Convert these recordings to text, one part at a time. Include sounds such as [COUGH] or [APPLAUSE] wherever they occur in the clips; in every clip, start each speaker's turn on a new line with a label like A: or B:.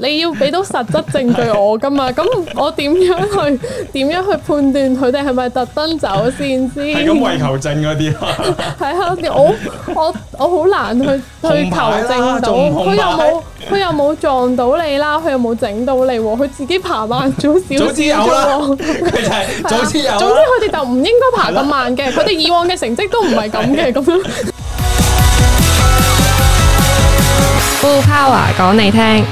A: 你要俾到實質證據我噶嘛？咁我點樣去點樣去判斷佢哋係咪特登走線先？係咁為
B: 求證嗰啲
A: 係啊！我我我好難去去求證到，佢又冇佢又冇撞到你啦，佢又冇整到你喎，佢自己爬慢咗少少啦。佢
B: 就早知有，總之佢
A: 哋就唔應該爬咁慢嘅，佢哋以往嘅成績都唔係咁嘅咁樣。Full Power 講你聽。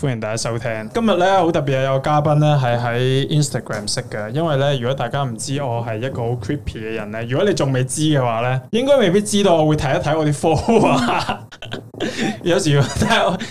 B: 歡迎大家收聽，今日咧，好特別啊！有嘉賓咧，係喺 Instagram 識嘅，因為咧，如果大家唔知我係一個好 creepy 嘅人咧，如果你仲未知嘅話咧，應該未必知道我會睇一睇我啲 follow 啊， [LAUGHS] 有時我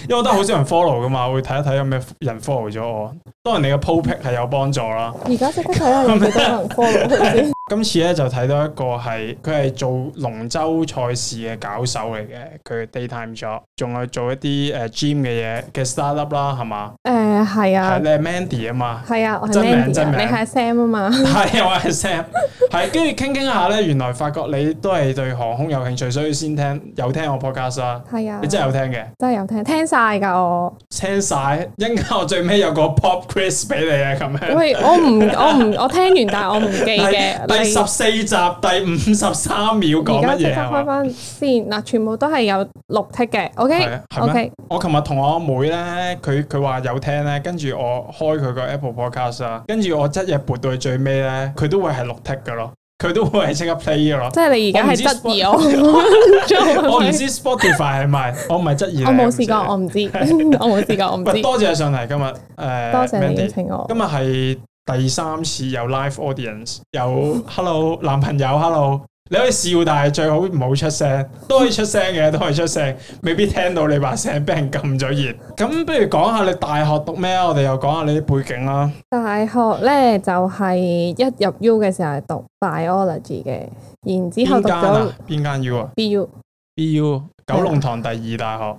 B: 因為我得好少人 follow 噶嘛，會睇一睇有咩人 follow 咗我，當然你嘅 po pic 係有幫助啦。而家即
A: 刻睇下有幾多人 follow
B: 今次咧就睇到一個係佢係做龍舟賽事嘅搞手嚟嘅，佢 daytime 咗，仲係做一啲誒 gym 嘅嘢嘅 startup 啦，係嘛？
A: 誒係啊，你
B: 係 Mandy 啊嘛？
A: 係啊，真名真名。你係 Sam 啊嘛？係啊，我係
B: Sam，係跟住傾傾下咧，原來發覺你都係對航空有興趣，所以先聽有聽我 podcast 啊？係啊，你真係有聽嘅，
A: 真係有聽，聽晒噶我，
B: 聽晒，因我最尾有個 pop quiz 俾你啊咁樣。喂，我
A: 唔我唔我聽完，但係我唔記嘅。第十
B: 四集第五十三秒講嘅嘢啊！而家即刻
A: 開翻先嗱，全部都係有六剔嘅。O K O K。
B: 我琴日同我阿妹咧，佢佢話有聽咧，跟住我開佢個 Apple Podcast 啊，跟住我即日撥到去最尾咧，佢都會係六剔 i c 噶咯，佢都會係即刻 play 咯。即係你
A: 而家係質疑我？我唔知
B: Spotify 係咪？我唔係質疑你。我冇
A: 試過，我唔知。我冇試過，我唔知。多
B: 謝上嚟今日誒，多謝你請我。今日係。第三次有 live audience，有 hello 男朋友 hello，你可以笑，但係最好唔好出聲，都可以出聲嘅，都可以出聲，未必聽到你把聲俾人禁咗言。咁不如講下你大學讀咩？我哋又講下你啲背景啦。
A: 大學咧就係、是、一入 U 嘅時候讀 biology 嘅，然之後讀咗
B: 邊間，、啊、間 U 啊？BU BU 九龍塘第二大學。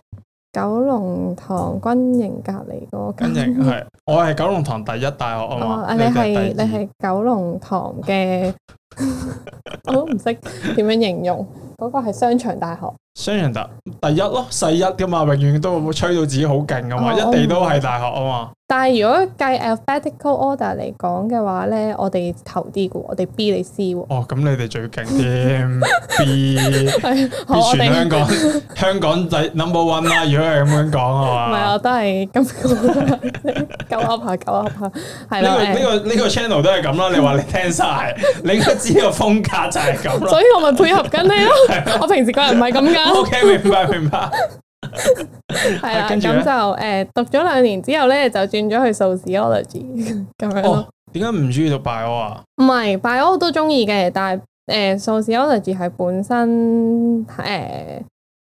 A: 九龍塘軍營隔籬嗰
B: 軍營係，我係九龍塘第一大學啊、哦、你係你係
A: 九龍塘嘅， [LAUGHS] [LAUGHS] 我都唔識點樣形容，嗰 [LAUGHS] 個係商場大學。
B: 雙人搭第一咯，世一噶嘛，永遠都會吹到自己好勁噶嘛，一地都係大學啊嘛。
A: 但係如果計 alphabetical order 嚟講嘅話咧，我哋頭啲嘅，我哋 B 你 C
B: 哦，咁你哋最勁啲，B
A: 係，全香港
B: 香港仔 number one 啦。如果係咁樣講啊嘛，唔
A: 係啊，都係咁，九 UP 下，九 UP 下，係啦。呢
B: 個呢個呢個 channel 都係咁啦。你話你聽晒，你都知道風格就係咁，所以我咪配合緊你咯。
A: 我平時個人唔係咁噶。
B: O K 明
A: 白明白，係啦，咁、 [LAUGHS] 啊、就誒讀咗兩年之後咧，就轉咗去 Sociology 咁樣咯。
B: 點解唔中意讀 bio 啊？唔
A: 係 bio 都中意嘅，但係誒 Sociology 係本身誒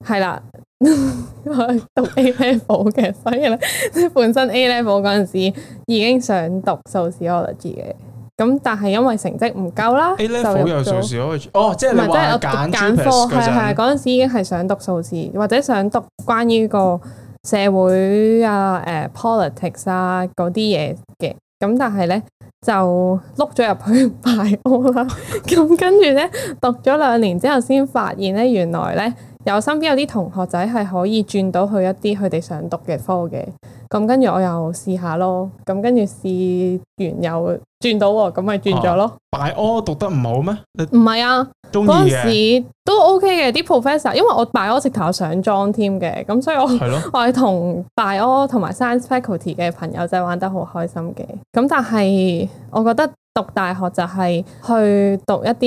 A: 係啦，呃、 [LAUGHS] 讀 A level 嘅，所以咧即係本身 A level 嗰陣時已經想讀 Sociology 嘅。咁但係因為成績唔夠啦，A level 就入咗。哦，即係你揀科係，係係嗰陣時已經係想讀數字，或者想讀關於個社會啊、誒、呃、politics 啊嗰啲嘢嘅。咁但係咧就碌咗入去埋屋啦。咁跟住咧讀咗兩年之後，先發現咧原來咧有身邊有啲同學仔係可以轉到去一啲佢哋想讀嘅科嘅。咁跟住我又試下咯，咁跟住試完又轉到，咁咪轉咗咯。大柯、啊、讀得唔好咩？唔係啊，嗰陣時都 OK 嘅啲 professor，因為我大柯直頭上莊添嘅，咁所以我係咯，我係同大柯同埋 science faculty 嘅朋友仔玩得好開心嘅。咁但係我覺得讀大學就係去讀一啲，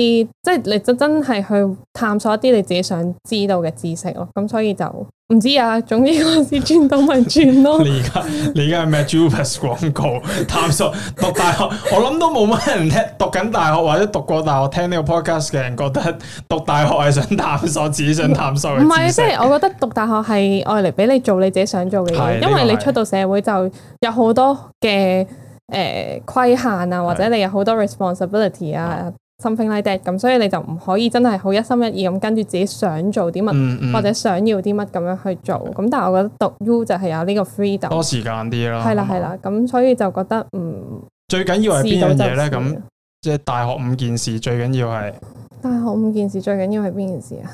A: 即係你就真係去探索一啲你自己想知道嘅知識咯。咁所以就。唔知啊，總之我哋轉到咪轉咯。 [LAUGHS] 你而
B: 家你而家係咩？j u p i t e 廣告 [LAUGHS] 探索讀大學，我諗都冇乜人聽。讀緊大學或者讀過大學聽呢個 podcast 嘅人，覺得讀大學係想探索，自己想探索。唔係，即係我覺
A: 得讀大學係愛嚟俾你做你自己想做嘅嘢，的因為你出到社會就有好多嘅誒規限啊，或者你有好多 responsibility 啊。Something like that，咁、like、所以你就唔可以真係好一心一意咁跟住自己想做啲乜，嗯嗯、或者想要啲乜咁樣去做。咁、嗯嗯、但係我覺得讀 U 就係有呢個 freedom。多時
B: 間啲囉。係啦係啦，
A: 咁吧所以就覺得嗯。
B: 最緊要係邊樣嘢咧？咁即係大學五件事最緊要係。
A: 大學五件事最緊要係邊件事啊？ [LAUGHS]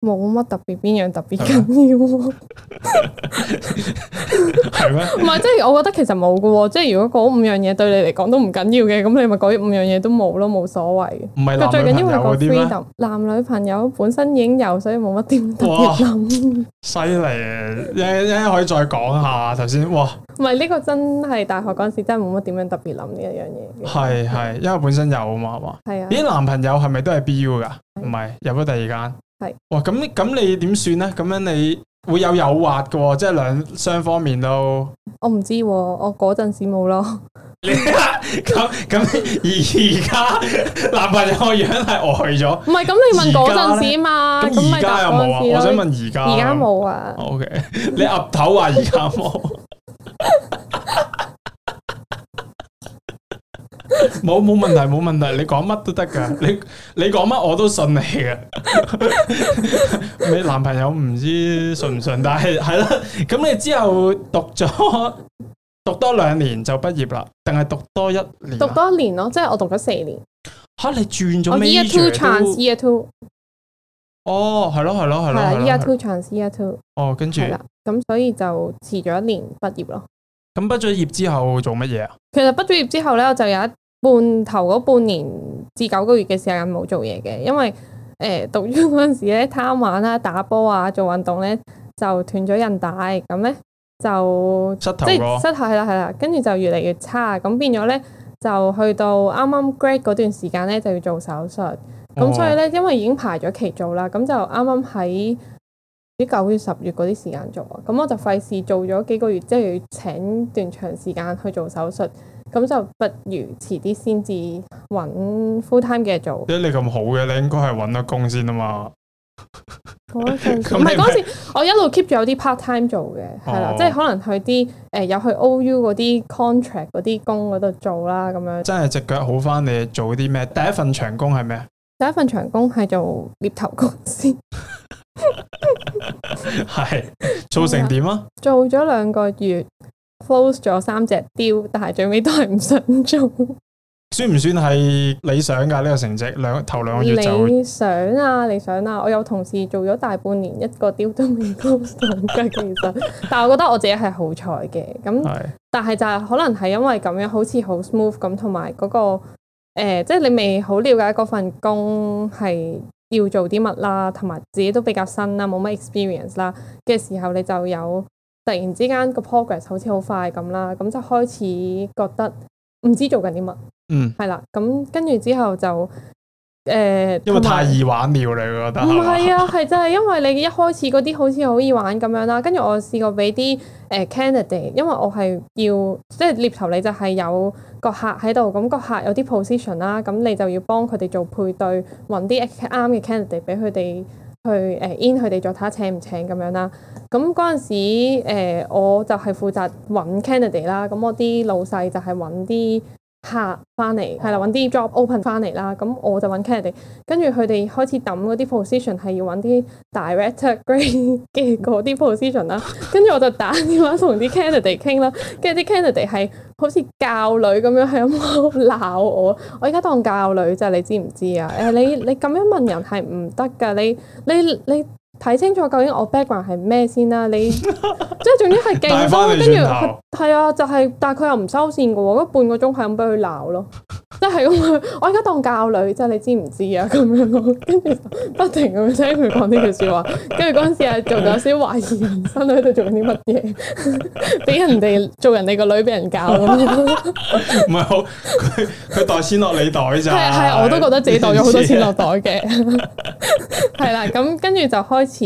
A: 冇乜特別，邊樣特別緊要
B: 係咩？唔係，即
A: 係我覺得其實冇噶，即係如果嗰五樣嘢對你嚟講都唔緊要嘅，咁你咪嗰五樣嘢都冇咯，冇所謂。唔係，最緊要係個 freedom。男女朋友本身已經有，所以冇乜點特別諗。
B: 犀利，一一可以再講下頭先。哇，
A: 唔係呢個真係大學嗰陣時真係冇乜點樣特別諗呢一樣嘢。
B: 係係，因為本身有啊嘛，係嘛。係啊。啲男朋友係咪都係 BU 噶？唔係，入咗第二間。係是哇，咁咁你點算咧？咁樣你會有誘惑嘅。哦，即係兩雙方面都。
A: 我唔知，我嗰陣時冇咯。而家
B: 咁咁而家男朋友嘅樣係呆咗。
A: 唔係咁，你問嗰陣時嘛？咁而家有冇啊？我想問而家，而家冇啊？OK，
B: 你岌頭話而家冇。 [LAUGHS] 冇冇 [LAUGHS] 問題，冇問題。你講乜都得噶，你你講乜我都信你噶。 [LAUGHS] 你男朋友唔知信唔信，但係係咯。咁你之後讀咗讀多兩年就畢業啦，定係讀多一年？讀多一
A: 年咯，即係我讀咗四年。
B: 吓，你轉咗咩？Year two chance,
A: year two。
B: 哦，係咯，係咯，係咯，year two
A: chance, year two。
B: 哦，跟住。
A: 咁所以就遲咗一年畢業咯。
B: 咁畢咗業之後做乜嘢
A: 啊其實畢咗業之後咧，我就有一半頭嗰半年至九個月嘅時間冇做嘢嘅，因為誒，誒讀中嗰陣時咧貪玩啦，啊，打波啊，做運動咧就斷咗韌帶，咁咧就膝頭即膝頭係啦係啦，跟住就越嚟越差，咁變咗咧就去到啱啱 grade 嗰段時間咧就要做手術，咁，哦，所以咧因為已經排咗期做啦，咁就啱啱喺喺九月、十月嗰啲時間做啊，咁我就費事做咗幾個月，即係要請段長時間去做手術，咁就不如遲啲先至揾 full time 嘅做。咦、
B: 欸？你咁好嘅，你應該係揾得工先啊嘛？
A: 唔係嗰時， [LAUGHS] 時我一路 keep 住有啲 part time 做嘅，係啦、哦，即係可能去啲誒、呃、有去 OU 嗰啲 contract 嗰啲工嗰度做啦，咁樣。真
B: 係隻腳好返，你做啲咩？第一份長工係咩？
A: 第一份長工係做獵頭公司。 [LAUGHS]
B: 係 [LAUGHS] [LAUGHS] 做成點啊？
A: 做咗兩個月，close 咗三隻 deal，但係最尾都係唔想做，
B: [LAUGHS] 算唔算係理想噶？呢、這個成績兩頭兩個月就理
A: 想啊！理想啊！我有同事做咗大半年，一個 deal 都未 close 嘅，其實，但係我覺得我自己係好彩嘅。咁，是但係就係、是、可能係因為咁樣，好似好 smooth 咁，同埋嗰個誒、即、呃、係、就是、你未好了解嗰份工係。要做啲乜啦，同埋自己都比較新啦，冇乜 experience 啦，嘅時候你就有突然之間個 progress 好似好快咁啦，咁就開始覺得唔知做緊啲乜，嗯，係啦，咁跟住之後就。誒，因為太易
B: 玩了，你我覺得。唔係啊，
A: 係真係，因為你一開始嗰啲好似好易玩咁樣啦，跟住我試過俾啲誒 candidate，因為我係要即係獵頭，你就係有個客喺度，咁個客有啲 position 啦，咁你就要幫佢哋做配對，搵啲啱嘅 candidate 俾佢哋去誒 in 佢哋，再睇下請唔請咁樣啦。咁嗰陣時誒，我就係負責搵 candidate 啦，咁我啲老細就係搵啲。下翻嚟係啦，揾啲 job open 翻嚟啦，咁我就揾 candidate 跟住佢哋開始揼嗰啲 position 係要揾啲 director grade 嘅嗰啲 position 啦，跟 [LAUGHS] 住我就打電話同啲 candidate 傾啦，跟住啲 candidate 係好似教女咁樣，係咁樣鬧我，我而家當教女啫，你知唔知啊？誒、欸，你你咁樣問人係唔得㗎，你你你。你睇清楚究竟我 background 係咩先啦？你 [LAUGHS] 即係仲要係勁翻，跟住係啊，就係，但係佢又唔收線噶喎。半個鐘係咁俾佢鬧咯，即係咁啊！我而家當教女，即係你知唔知啊？咁樣咯，跟住不停咁樣聽佢講呢句說話，跟住嗰陣時係做咗少懷疑人生，佢喺度做緊啲乜嘢，俾人哋做人哋個女俾人教咁樣。
B: 唔係 [LAUGHS] [LAUGHS] 好，佢佢袋錢落你袋咋？係，係我都覺得自己袋咗好多錢落
A: 袋嘅。係啦，咁跟住就開。始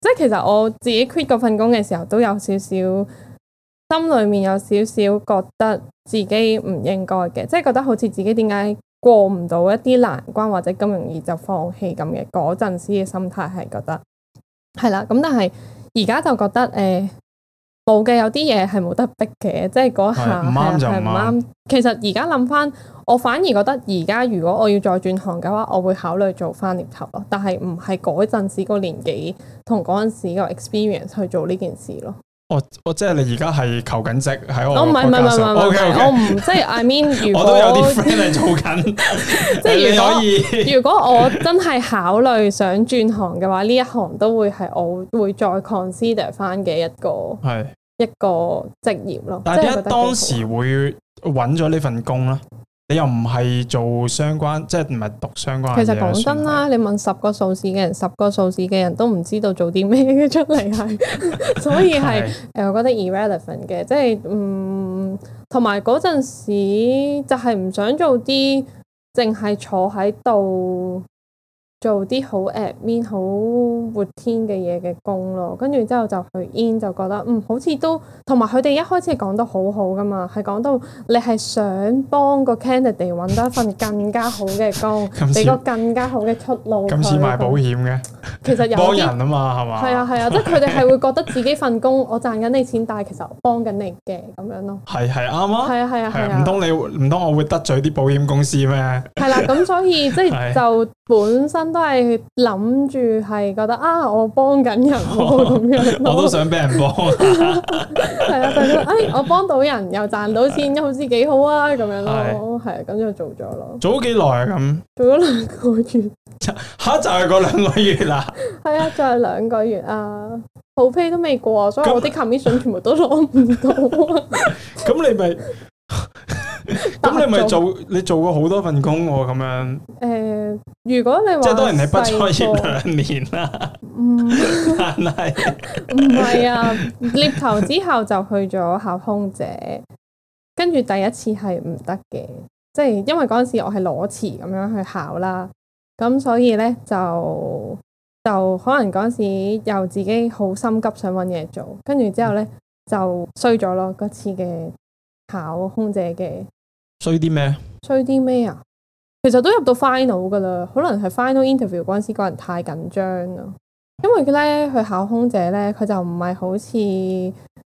A: 即係，其實我自己 quit 嗰份工嘅時候，都有少少心裏面有少少覺得自己唔應該嘅，即係覺得好似自己點解過唔到一啲難關，或者咁容易就放棄咁嘅，嗰陣時嘅心態係覺得係啦，咁但係而家就覺得誒。呃冇嘅，有啲嘢係冇得逼嘅，即係嗰下唔啱就係唔啱。其實而家諗翻，我反而覺得而家如果我要再轉行嘅話，我會考慮做翻獵頭咯。但係唔係嗰陣時個年紀同嗰陣時個 experience 去做呢件事咯。
B: 我即我、哦、我即係 [LAUGHS] [LAUGHS] 是你而家係求緊職喺我我唔唔
A: 即係 I mean 如果我都有啲 friend 係做緊即係如果如果我真係考慮想轉行嘅話呢，一行都會係我會再 consider 翻嘅一個係的一個職業咯。但係點解當時
B: 會搵咗呢份工咧？你又唔係做相關，即係唔係讀相關？其實講真
A: 啦，你問十個數字嘅人，十個數字嘅人都唔知道做啲咩嘅。出嚟係，所以係誒，我覺得 irrelevant 嘅，即係嗯，同埋嗰陣時就係唔想做啲淨係坐喺度。做啲好 admin 好活天嘅嘢嘅工咯，跟住之後就去 in 就覺得嗯，好似都同埋佢哋一開始講得好好噶嘛，係講到你係想幫個 candidate 揾到一份更加好嘅工，俾次個更加好嘅出路。咁似賣保險嘅。其實有幫人啊嘛，
B: 係嘛？係啊
A: 係啊，即係佢哋係會覺得自己份工，我賺緊你錢，但係其實我幫緊你嘅咁樣咯。
B: 係係啱啊！係啊係啊！唔通你唔通我會得罪啲保險公司咩？係啦，
A: 咁所以即係就本身都係諗住係覺得啊，我幫緊人喎咁樣。
B: 我都想俾人幫。
A: 係啊，誒，我幫到人又賺到錢，好似幾好啊咁樣咯，係啊，咁就做咗咯。做咗幾耐啊咁？做咗兩個月。
B: 嚇！就係嗰兩個月啦。
A: 係啊，仲係兩個月啊，好批都未過，所以我啲 commission 全部都攞唔到啊。
B: 咁你咪咁你咪做？你做過好多份工喎，咁樣。
A: 誒，如果你話即係當然係不專業兩
B: 年啦。
A: 但係唔係啊，獵頭之後就去咗考空姐，跟住第一次係唔得嘅，即係因為嗰陣時我係裸辭咁樣去考啦，咁所以咧就。就可能嗰陣時又自己好心急想揾嘢做，跟住之後呢，就衰咗咯。嗰次嘅考空姐嘅衰啲咩？衰啲咩啊？其實都入到 final 噶啦，可能係 final interview 嗰陣時個人太緊張啦。因為呢，佢考空姐呢，佢就唔係好似。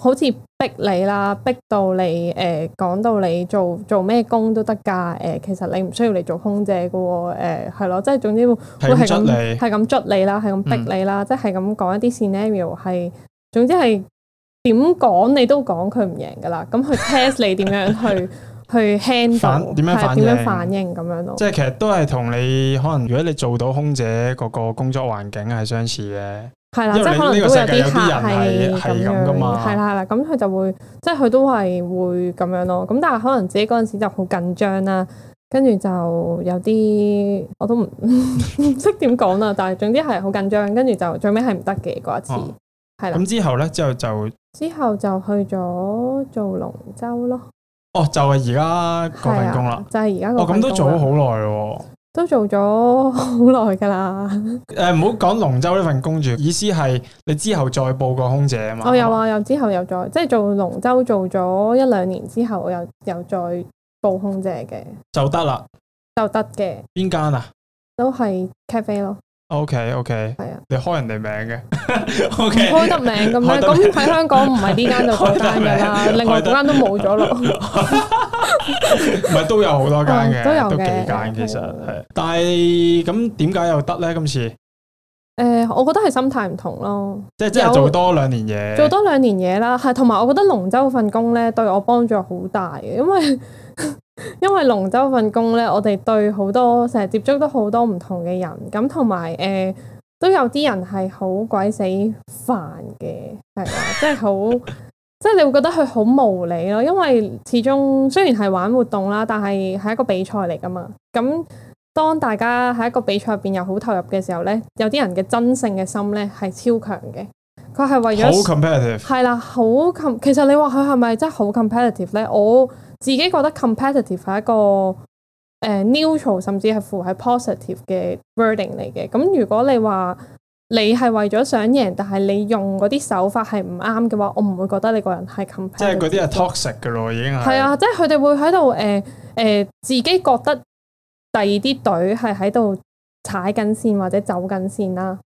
A: 好似逼你啦，逼到你誒，講、呃、到你做做咩工都得噶誒，其實你唔需要你做空姐噶喎誒，係、呃、咯，即係總之會係咁係咁捉你啦，係咁逼你啦，你嗯、即係咁講一啲 scenario 係，總之係點講你都講佢唔贏噶啦，咁佢 test 你點樣去 [LAUGHS] 去 handle 點樣反應咁樣咯。即係
B: 其實都係同你可能，如果你做到空姐嗰個工作環境係相似嘅。係啦，即係可能都有啲客人係咁樣嘛，係
A: 啦係啦，咁佢就會，即係佢都係會咁樣咯。咁但係可能自己嗰陣時就好緊張啦，跟住就有啲我都唔唔識點講啦。但係總之係好緊張，跟住就最尾係唔得嘅嗰一次。係啦，咁、啊、的之後
B: 咧，之後就
A: 之後就去咗做龍舟咯。
B: 哦，就係而家嗰份工啦，就
A: 係而家。哦，咁都做好
B: 耐喎。
A: 都做咗好耐噶啦。
B: 誒、呃，唔好講龍舟呢份工住，意思係你之後再報個空姐啊嘛。我、 [LAUGHS] 哦、有
A: 啊，又之後又再即係做龍舟做咗一兩年之後，又又再報空姐嘅就得啦，就得嘅。邊間啊？都係咖啡咯。
B: O K O K，係啊，你開人哋名嘅，
A: 開得名咁咧，咁喺香港唔係呢間就嗰間噶啦，另外嗰間都冇咗咯，
B: 唔係都有好多間嘅，都有嘅，幾間其實係，但係咁點解又得咧？今次，
A: 誒，我覺得係心態唔同咯，即係即係做多
B: 兩年嘢，做多
A: 兩年嘢啦，係同埋我覺得龍州嗰份工咧對我幫助好大嘅，因為。 [LAUGHS] 因為龍舟份工咧，我哋對好多成日接觸都好多唔同嘅人，咁同埋誒，都有啲人係好鬼死煩嘅，係啊， [LAUGHS] 即係好，即係你會覺得佢好無理咯。因為始終雖然係玩活動啦，但係係一個比賽嚟噶嘛。咁、嗯、當大家喺一個比賽入邊又好投入嘅時候咧，有啲人嘅真性嘅心咧係超強嘅，佢係為咗好 competitive 係啦，好 [LAUGHS] 其實你話佢係咪真係好 competitive 咧？我自己覺得 competitive 係一個、呃、neutral 甚至係負係 positive 嘅 wording 嚟嘅。咁如果你話你係為咗想贏，但係你用嗰啲手法係唔啱嘅話，我唔會覺得你個人係 competitive。即係嗰啲係 toxic
B: 嘅咯，已經係。係
A: 啊，即係佢哋會喺度誒誒，自己覺得第二啲隊係喺度踩緊線或者走緊線啦。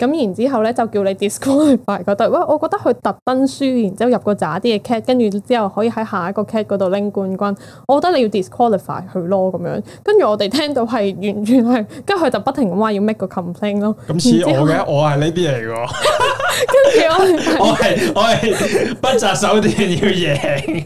A: 咁然之後咧就叫你 disqualify 覺得，喂，我覺得佢特登輸，然之後入個渣啲嘅 cat，跟住之後可以喺下一個 cat 嗰度拎冠軍，我覺得你要 disqualify 佢咯咁樣。跟住我哋聽到係完全係，跟住佢就不停咁話要 make 個 complain 咯我。咁似我嘅，
B: 我係呢啲嚟㗎。
A: 跟住我，
B: 我係我係不擇手段要贏，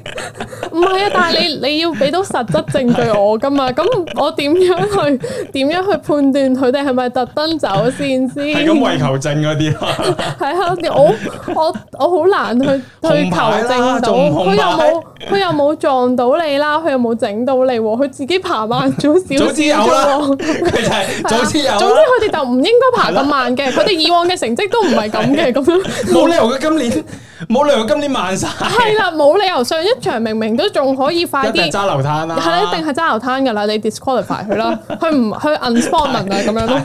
A: 唔係啊！但係你你要俾到實質證據我噶嘛？咁我點樣去點樣去判斷佢哋係咪特登走線先？係咁為
B: 求證嗰啲咯，
A: 係啊！我我我好難去去求證到，佢又冇佢又冇撞到你啦，佢又冇整到你，佢自己爬慢咗少少啦。佢
B: 就早知有，總之佢
A: 哋就唔應該爬咁慢嘅，佢哋以往嘅成績都唔係咁嘅。冇 [LAUGHS] 理由佢
B: 今年冇理由今年慢晒，啊， [LAUGHS] 係啦，
A: 冇理由上一場明明都仲可以快啲揸流灘啦，係啦，一定係揸流灘噶啦，你 disqualify 佢啦，佢唔 [LAUGHS] 去 u n f o r m i n g 啊咁樣咯，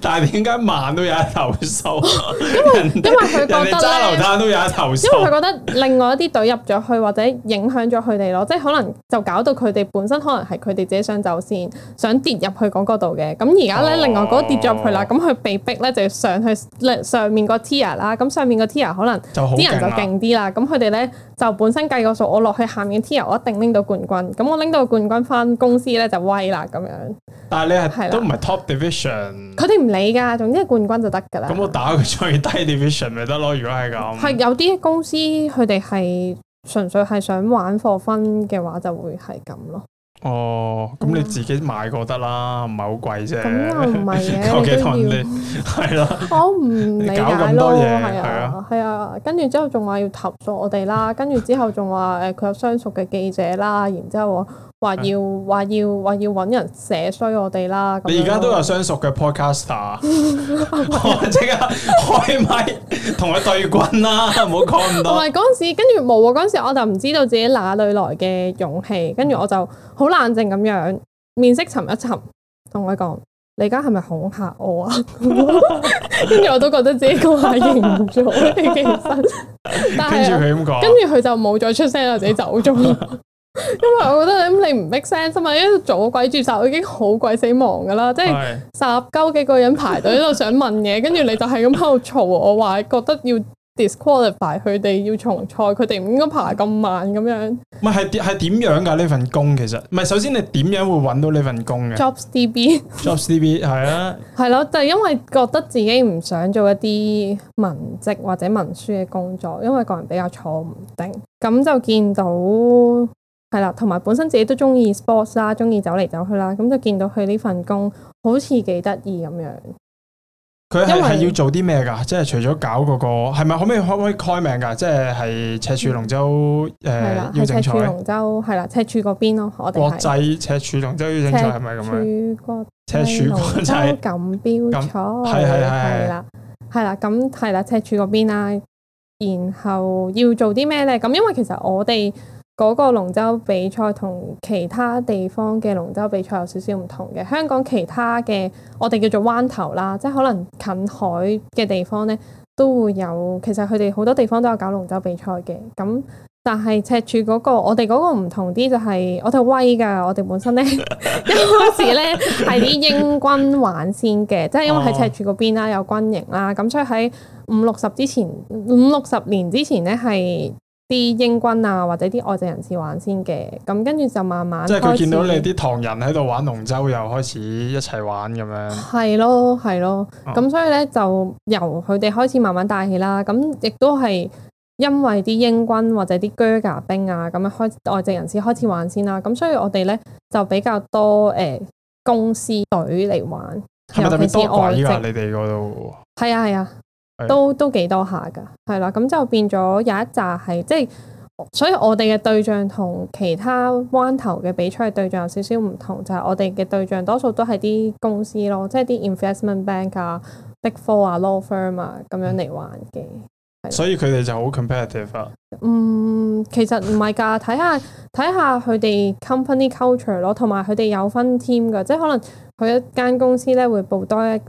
B: 但係點解慢都有一頭數？ [LAUGHS] 因為因為佢覺得揸流灘都有一頭數，因為佢覺得
A: 另外一啲隊入咗去或者影響咗佢哋咯， [LAUGHS] 即係可能就搞到佢哋本身可能係佢哋自己想走線，想跌入去嗰度嘅，咁而家咧另外嗰跌咗入去啦，咁佢 [LAUGHS] 被逼咧就要上去上上面個。Tier 啦，咁上面個 Tier 可能啲人就勁啲啦，咁佢哋咧就本身計個數，我落去下面嘅 Tier 我一定拎到冠軍，咁我拎到冠軍返公司咧就威啦咁樣。
B: 但係你係了都唔係 top division，
A: 佢哋唔理㗎，總之係冠軍就得㗎啦。咁我
B: 打佢最低 division 咪得咯，如果係咁。係有
A: 啲公司佢哋係純粹係想玩貨分嘅話，就會係咁咯。
B: 哦，咁、嗯、你自己買過得啦，唔係好貴啫。咁又唔係、啊，嘅， [LAUGHS] 求其同你啦都。 [LAUGHS] 了我唔理解， [LAUGHS] 你搞咁多嘢係啊，
A: 係啊。跟住、啊啊、之後仲話要投訴我哋啦，跟住 [LAUGHS] 之後仲話誒佢有相熟嘅記者啦，然之後。話要話要話要揾人寫衰我哋啦！你而家都有
B: 相熟嘅 podcaster，、啊、
A: [LAUGHS] [LAUGHS] 我即刻
B: 開麥同佢對棍啦、啊！唔好講咁多。同埋
A: 嗰陣時，跟住冇嗰陣時，我就唔知道自己哪裏來嘅勇氣，跟住我就好冷靜咁樣，面色沉一沉，同佢講：你而家係咪恐嚇我啊？跟 [LAUGHS] 住我都覺得自己個話贏咗，其實。跟住佢咁講，跟住佢就冇再出聲，自己走咗。 [LAUGHS] [LAUGHS] 因為我覺得你唔 make sense 啊嘛，一路做鬼注冊已經好鬼死忙噶啦，即係十、九幾個人排隊喺度想問嘢，跟住 [LAUGHS] 你就係咁喺度嘈，我話覺得要 disqualify 佢哋要重賽，佢哋唔應該排咁慢咁樣。
B: 唔係係係點樣噶呢份工其實，唔係首先你點樣會搵到呢份工嘅
A: ？Jobs DB。 [LAUGHS]
B: Jobs DB 係
A: 啊。係咯， [LAUGHS] 就係因為覺得自己唔想做一啲文職或者文書嘅工作，因為個人比較坐唔定，咁就見到。係啦，同埋本身自己都中意 sports 啦，中意走嚟走去啦，咁就見到佢呢份工好似幾得意咁樣。
B: 佢係係要做啲咩噶？即係除咗搞嗰個，係咪可唔可以可唔可以開名噶？即係係赤柱龍舟誒，邀請賽。赤柱龍
A: 舟係啦，赤柱嗰邊咯，我哋國際
B: 赤柱龍舟邀請賽，係咪咁啊？赤柱國際
A: 錦標賽，係係係啦，係啦，咁係啦，赤柱嗰邊啦，然後要做啲咩咧？咁因為其實我哋。嗰個龍舟比賽同其他地方嘅龍舟比賽有少少唔同嘅。香港其他嘅，我哋叫做灣頭啦，即係可能近海嘅地方呢都會有。其實佢哋好多地方都有搞龍舟比賽嘅。咁但係赤柱嗰個，我哋嗰個唔同啲就係我哋威㗎。我哋本身呢， [LAUGHS] 時呢 [LAUGHS] 一開始呢係啲英軍玩先嘅，即係因為喺赤柱嗰邊啦有軍營啦。咁所以喺五六十之前，五六十年之前呢係。啲英軍啊，或者啲外籍人士玩先嘅，咁跟住就慢慢即係佢見到你啲
B: 唐人喺度玩龍舟，又開始一齊玩咁樣。
A: 係咯，係咯，咁、嗯、所以咧就由佢哋開始慢慢帶起啦。咁亦都係因為啲英軍或者啲啹喀兵啊，咁樣開外籍人士開始玩先啦。咁所以我哋咧就比較多誒、呃、公司隊嚟玩，
B: 係咪特別多鬼㗎，尤其係外籍？你哋嗰度係啊，係啊。都
A: 都幾多下噶，係啦，咁就變咗有一紮係，即係，所以我哋嘅對象同其他灣頭嘅比賽對象有少少唔同，就係我哋嘅對象多數都係啲公司咯，即係啲 investment bank 啊、Big Four 啊、law firm 啊咁樣嚟玩嘅。
B: 所以佢哋就好 competitive 啊。嗯，
A: 其實唔係噶，睇下睇下佢哋 company culture 咯，同埋佢哋有分 team 噶，即係可能佢一間公司咧會報多一。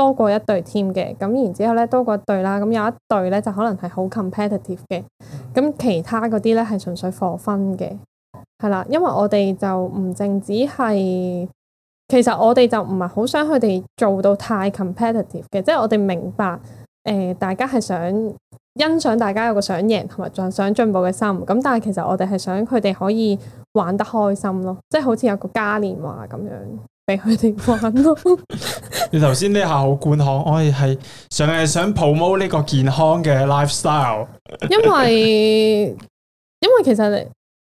A: 多過一隊添嘅，咁然之後咧多過一隊啦，咁有一隊咧就可能係好 competitive 嘅，咁其他嗰啲咧係純粹 for fun 嘅，係啦，因為我哋就唔淨止係，其實我哋就唔係好想佢哋做到太 competitive 嘅，即係我哋明白，誒、呃、大家係想欣賞大家有個想贏同埋想進步嘅心，咁但係其實我哋係想佢哋可以玩得開心咯，即係好似有個嘉年華咁樣。俾
B: 佢哋玩咯！ [LAUGHS] [LAUGHS] 你頭先呢下好官腔， [LAUGHS] 我哋係想係想 promote 呢個健康嘅 lifestyle， [LAUGHS] 因為
A: 因為其實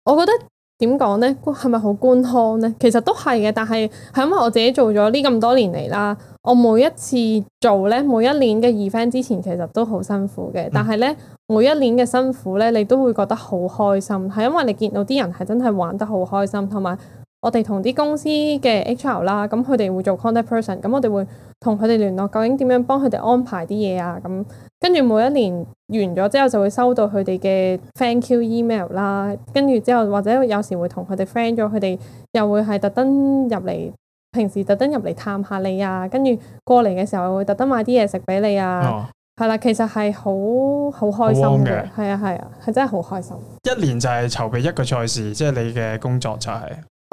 A: 我覺得點講呢？係咪好官腔呢？其實都係嘅，但係係因為我自己做咗呢咁多年嚟啦，我每一次做呢，每一年嘅 event 之前，其實都好辛苦嘅，但係呢，每一年嘅辛苦呢，你都會覺得好開心，係因為你見到啲人係真係玩得好開心，同埋。我哋同啲公司嘅 HR 啦，咁佢哋會做 contact person，咁我哋會同佢哋聯絡，究竟點樣幫佢哋安排啲嘢啊？咁跟住每一年完咗之後，就會收到佢哋嘅 thank you email 啦。跟住之後，或者有時會同佢哋 friend 咗，佢哋又會係特登入嚟，平時特登入嚟探下你啊。跟住過嚟嘅時候又會，會特登買啲嘢食俾你啊。係啦，其實係好好開心嘅。係啊、哦，係啊，係真係好開心。
B: 一年就係籌備一個賽事，即、就、係、係、你嘅工作就係、係。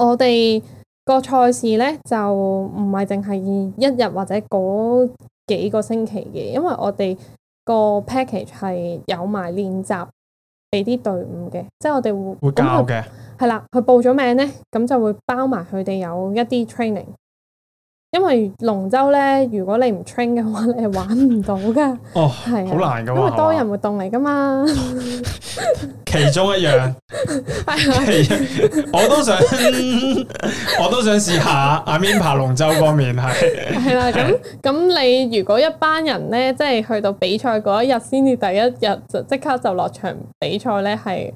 A: 我哋個賽事呢，就唔係淨係一日或者嗰幾個星期嘅，因為我哋個 package 係有埋練習俾啲隊伍嘅，即係我哋會會教嘅，係、嗯、啦，佢報咗名呢，咁、嗯、就會包埋佢哋有一啲 training。因為龍舟咧，如果你唔 train 嘅話，你係玩唔到噶。
B: 哦，係、啊，好難噶，因為多人
A: 活動嚟噶嘛、
B: 啊。 [LAUGHS] 其中一樣
A: [LAUGHS] ，
B: 我都想，我都想試下 [LAUGHS] 阿 Min 爬龍舟方面係。
A: 係啦、啊，咁咁、 [LAUGHS] 啊、你如果一班人咧，即、就、係、是、去到比賽嗰一日，先至第一日就即刻就落場比賽咧，係。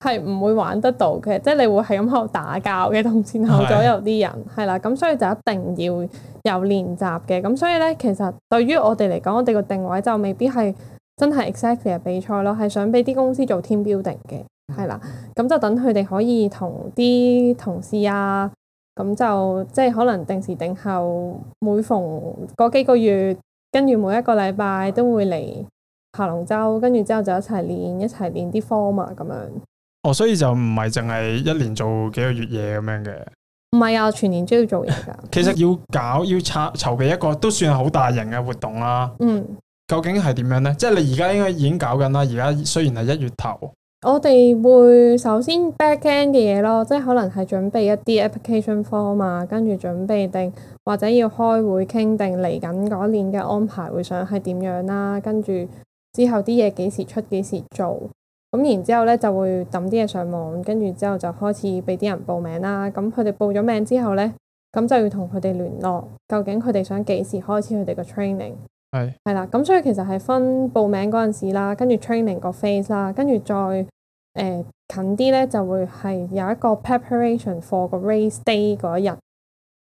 A: 係唔會玩得到嘅，即係你會係咁喺度打交嘅，同前後左右啲人係啦，咁的所以就一定要有練習嘅。咁所以呢，其實對於我哋嚟講，我哋個定位就未必係真係 exactly 比賽咯，係想俾啲公司做 team building 嘅，係啦。咁就等佢哋可以同啲同事啊，咁就即係可能定時定候，每逢嗰幾個月，跟住每一個禮拜都會嚟扒龍舟，跟住之後就一齊練，練一齊練啲 form 咁、er、樣。
B: 哦，所以就唔係淨係一年做幾個月嘢，咁樣嘅，
A: 唔係啊，全年都要做嘢
B: 噶。其實要搞要籌籌備一個都算係好大型嘅活動啦、啊。嗯，究竟係點樣咧？即係你而家應該已經搞緊啦。而家雖然係一月頭，
A: 我哋會首先 back end 嘅嘢咯，即係可能係準備一啲 application form 啊，跟住準備定或者要開會傾定嚟緊嗰年嘅安排會想係點樣啦、啊，跟住之後啲嘢幾時出幾時做。咁然之後咧就會抌啲嘢上網，跟住之後就開始俾啲人報名啦。咁佢哋報咗名之後咧，咁就要同佢哋聯絡，究竟佢哋想幾時開始佢哋個 training。係係啦，咁所以其實係分報名嗰陣時啦，跟住 training 個 phase 啦，跟住再誒、呃、近啲咧就會係有一個 preparation for 個 race day 嗰一日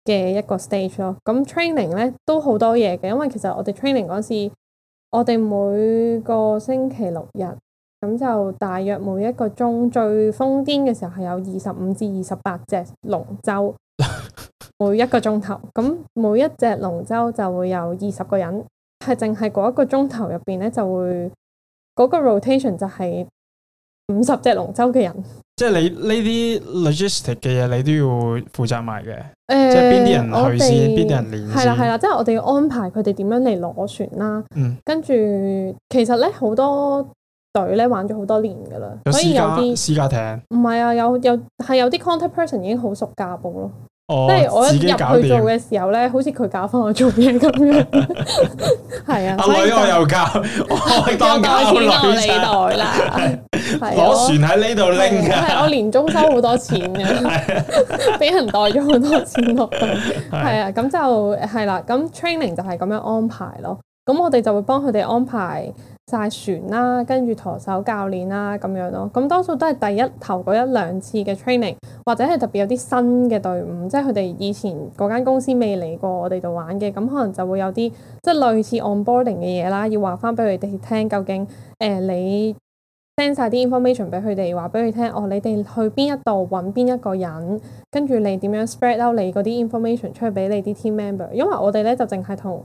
A: 嘅一個 stage 咯。咁 training 咧都好多嘢嘅，因為其實我哋 training 嗰陣時，我哋每個星期六日。咁就大約每一個鐘最瘋癲嘅時候係有二十五至二十八隻龍舟， [LAUGHS] 每一個鐘頭。咁每一隻龍舟就會有二十個人，係淨係嗰一個鐘頭入邊咧就會嗰、嗰個 rotation 就係五十隻龍舟嘅人。
B: 即係你呢啲 logistic 嘅嘢，你都要負責埋嘅。誒、呃，即係邊啲人去先，邊啲們人練。係啦係啦，
A: 即係、就是、我哋要安排佢哋點樣嚟攞船啦。嗯，跟住其實咧好多。隊咧玩咗好多年噶啦，所以有啲私家艇，唔係啊，有有係有啲 contact person 已經好熟架步咯。
B: 哦、即係我一入去，去做嘅
A: 時候咧，好似佢教翻我做嘢咁樣。係 [LAUGHS] 啊，啊所以女我又教，我當教練我理代啦。攞 [LAUGHS] [LAUGHS] 船喺
B: 呢度拎嘅，我
A: 年終收好多錢嘅，俾人代咗好多錢落去。係啊，咁就係啦。咁、啊、training 就係咁樣安排咯。咁我哋就會幫佢哋安排。晒船啦，啊，跟住舵手教練啦，啊，咁樣咯，啊。咁、嗯、多數都係第一頭嗰一兩次嘅 training，或者係特別有啲新嘅隊伍，即係佢哋以前嗰間公司未嚟過我哋度玩嘅，咁、嗯、可能就會有啲即係類似 onboarding 嘅嘢啦，要話翻俾佢哋聽。究竟誒、呃，你 send 晒啲 information 俾佢哋，話俾佢聽哦，你哋去邊一度揾邊一個人，跟住你點樣 spread out 你嗰啲 information 出去俾你啲 team member？因為我哋咧就淨係同。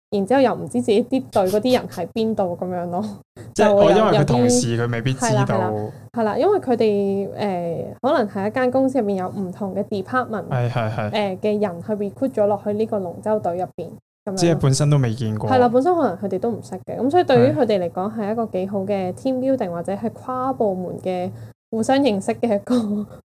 A: 然之後又唔知自己啲隊嗰啲人喺邊度咁樣咯，即係因為佢同事佢未必知道，係啦，因為佢哋誒可能係一間公司入邊有唔同嘅 department，係係係誒嘅人去 recruit 咗落去呢個龍舟隊入邊咁。即係本身
B: 都未見過，係啦，本身
A: 可能佢哋都唔識嘅，咁所以對於佢哋嚟講係一個幾好嘅 team building 或者係跨部門嘅互相認識嘅一個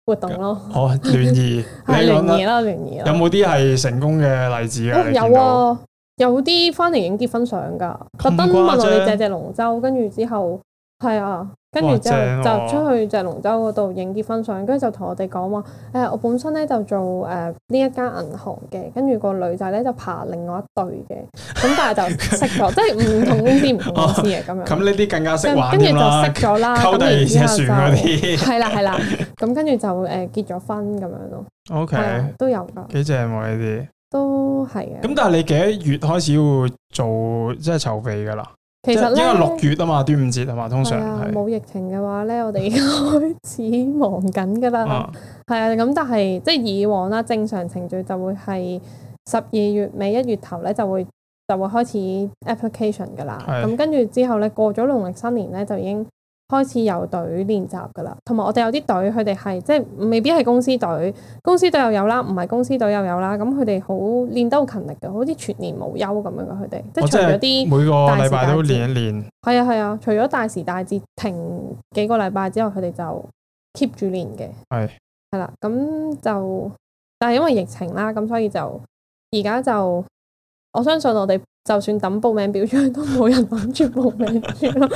A: 活動咯。好
B: 聯誼，聯
A: 誼啦，聯誼啦，有
B: 冇啲係成功嘅例子啊？有啊。
A: 有啲翻嚟影結婚相噶，特登問我哋借隻龍舟，跟住、嗯、之後係啊，跟住哇之後就就出去隻龍舟嗰度影結婚相，跟住就同我哋講話：誒、呃，我本身咧就做誒呢、呃、一間銀行嘅，跟住個女仔咧就爬另外一隊嘅，咁但係就識咗，即係唔同， [LAUGHS] 同公司、唔同公司嘅咁樣。咁
B: 呢啲更加識玩啦，咁就識咗啦，溝第二隻船然後然後之後就，嗰啲、嗯。係
A: 啦係，啦，咁跟住就誒結咗婚咁樣咯。
B: O K，嗯、都有噶，幾正喎呢啲。
A: 都係啊。咁但
B: 係你幾月開始會做即係籌備噶啦？
A: 其實應該六
B: 月啊嘛，端午節啊嘛，通常係。冇
A: 疫情嘅話咧，我哋已經開始忙緊噶啦。係啊， [LAUGHS] 咁但係即係以往啦，正常程序就會係十二月尾一月頭咧就會就會開始 application 噶啦。咁跟住之後咧，過咗農曆新年咧就已經。開始有隊練習噶啦，同埋我哋有啲隊，佢哋係即係未必係公司隊，公司隊又有啦，唔係公司隊又有啦。咁佢哋好練得好勤力噶，好似全年無休咁樣嘅。佢哋即係除咗啲、哦、每個禮拜都練一練。係啊係啊，除咗大時大節停幾個禮拜之後，佢哋就 keep 住練嘅。係係啦，咁、啊、就但係因為疫情啦，咁所以就而家就我相信我哋。就算等報名表出都冇人諗住報名住咯，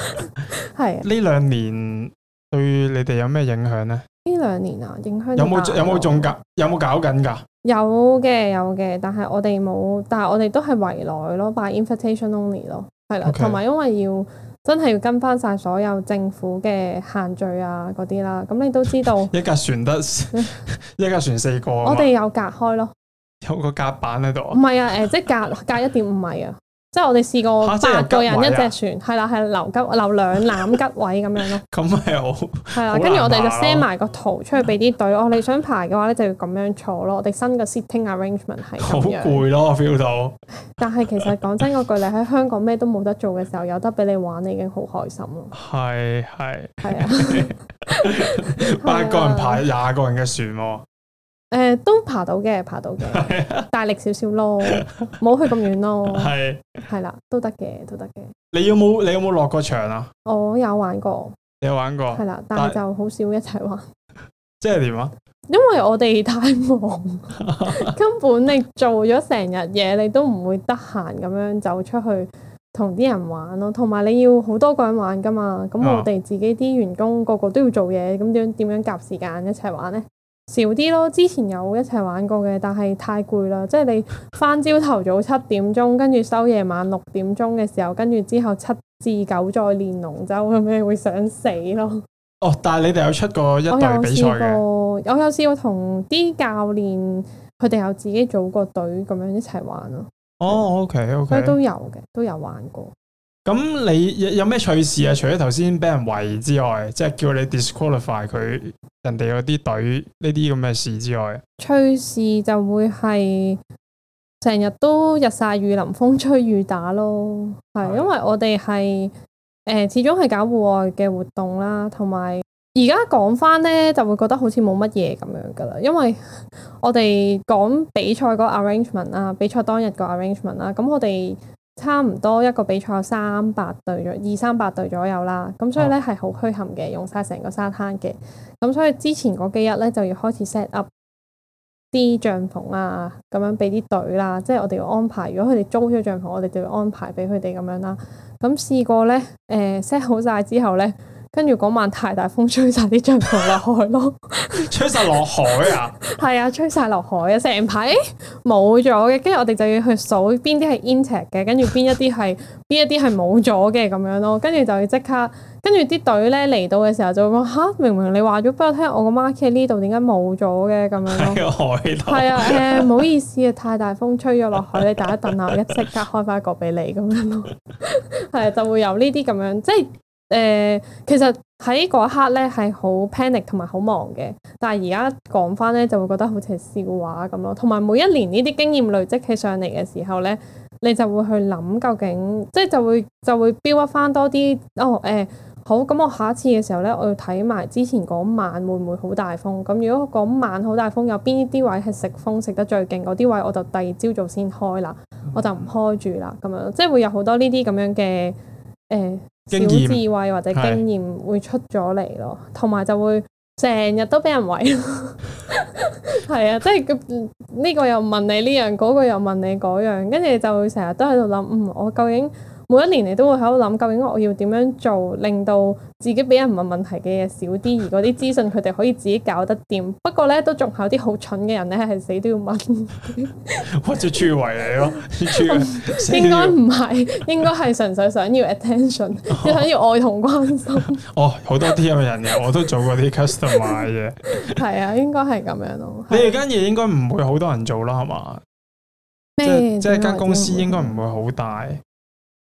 A: 係啊！
B: 呢兩年對你哋有咩影響呢？
A: 呢兩年啊，影響有冇，有冇仲
B: 搞，有冇搞緊㗎？
A: 有嘅有嘅，但係我哋冇，但係我哋都係圍內咯，by invitation only 咯，係啦，同埋 Okay. 因為要真係要跟翻晒所有政府嘅限聚啊嗰啲啦，咁你都知道， [LAUGHS]
B: 一架船得一架船四個， [LAUGHS] 嗯、我哋
A: 有隔開咯。
B: 有個夾板喺度？
A: 唔係啊，誒、呃，即係夾夾一點五米啊，即係我哋試過八個人一隻船，係啦， [LAUGHS] 係留吉留兩欖吉位咁樣咯。
B: 咁咪好係啦，跟住、啊、我哋就 send 埋
A: 個圖出去俾啲隊， [LAUGHS] 哦，你想排嘅話咧就要咁樣坐咯。我哋新嘅 sitting arrangement 係好攰
B: 咯，我 feel 到。
A: 但係其實講真嗰句，你喺 [LAUGHS] 香港咩都冇得做嘅時候，有得俾你玩，你已經好開心咯。
B: 係係係啊，八 [LAUGHS] [LAUGHS] 個人排廿個人嘅船喎、哦。
A: 誒、呃，都爬到嘅，爬到嘅， [LAUGHS] 大力少少咯，冇 [LAUGHS] 去咁遠咯。係係啦，都得嘅，都得嘅。
B: 你要冇？你有冇落過場啊？
A: 我有玩過。
B: 你有玩過？係啦，但係但 就
A: 好少一齊玩。
B: 即係點啊？
A: 因為我哋太忙， [LAUGHS] [LAUGHS] 根本你做咗成日嘢，你都唔會得閒咁樣走出去同啲人玩咯。同埋你要好多個人玩噶嘛？咁我哋自己啲員工個、嗯、個都要做嘢，咁點點樣夾時間一齊玩呢？少啲咯，之前有一齊玩過嘅，但係太攰啦。 [LAUGHS] 即係你返朝頭早七點鐘，跟住收夜晚六點鐘嘅時候，跟住之後七至九再練龍舟咁樣，會想死咯。
B: 哦，但係你哋有出過一隊比賽嘅、
A: 嗯？我有試過同啲教練，佢哋有自己組個隊咁樣一齊玩咯。
B: 哦，OK OK，所以都
A: 有嘅，都有玩過。
B: 咁你有咩趣事啊？除咗頭先俾人圍之外，即係叫你 disqualify 佢人哋嗰啲隊呢啲咁嘅事之外，
A: 趣事就會係成日都日晒雨淋，風吹雨打咯。係的因為我哋係誒，始終係搞戶外嘅活動啦，同埋而家講翻呢就會覺得好似冇乜嘢咁樣噶啦。因為我哋講比賽個 arrangement 啦，比賽當日個 arrangement 啦，咁我哋。差唔多一個比賽三百隊左二三百隊左右啦，咁所以咧係好墟冚嘅，用晒成個沙灘嘅。咁所以之前嗰幾日咧就要開始 set up 啲帳篷啊，咁樣俾啲隊啦。即係我哋要安排，如果佢哋租咗帳篷，我哋就要安排俾佢哋咁樣啦。咁試過咧，誒、呃、set 好晒之後咧。跟住嗰晚太大風吹晒啲帳篷落海咯，
B: [LAUGHS] 吹晒落海
A: 啊！係 [LAUGHS] 啊，吹晒落海啊！成排冇咗嘅，跟住我哋就要去數邊啲係 intact 嘅，跟住邊一啲係邊一啲係冇咗嘅咁樣咯。跟住就要即刻，跟住啲隊呢嚟到嘅時候就會講：嚇，明明你話咗俾我聽，我個 market 呢度點解冇咗嘅咁樣咯？
B: 海盜
A: 係 [LAUGHS] 啊，誒、欸、唔好意思啊，太大風吹咗落海， [LAUGHS] [LAUGHS] 你等一等下我一即刻開翻個俾你咁樣咯。係 [LAUGHS] 啊，就會有呢啲咁樣即係。誒、呃，其實喺嗰一刻咧，係好 panic 同埋好忙嘅。但係而家講翻咧，就會覺得好似係笑話咁咯。同埋每一年呢啲經驗累積起上嚟嘅時候咧，你就會去諗究竟，即係就會就會標一翻多啲。哦，誒、呃，好，咁我下一次嘅時候咧，我要睇埋之前嗰晚會唔會好大風。咁如果嗰晚好大風，有邊啲位係食風食得最勁，嗰啲位，我就第二朝早先開啦，我就唔開住啦。咁樣即係會有好多呢啲咁樣嘅誒。呃小智慧或者經驗會出咗嚟咯，同埋是就會成日都俾人圍，係 [LAUGHS] [LAUGHS] 啊，即係呢個又問你呢樣，嗰個又問你嗰樣，跟住就會成日都喺度諗，嗯，我究竟？每一年你都會喺度諗，究竟我要點樣做，令到自己俾人問問題嘅嘢少啲，而嗰啲資訊佢哋可以自己搞得掂。不過咧，都仲有啲好蠢嘅人咧，係死都要問。
B: 或者處為你咯，應該
A: 唔係，應該係純粹想要 attention，要想要愛同關
B: 心。哦，好多啲咁嘅人嘅，我都做過啲 customer
A: 嘅。係啊，應該係咁樣咯。你哋
B: 間嘢應該唔會好多人做啦，係嘛？
A: 咩？即係間公司應該
B: 唔會好大。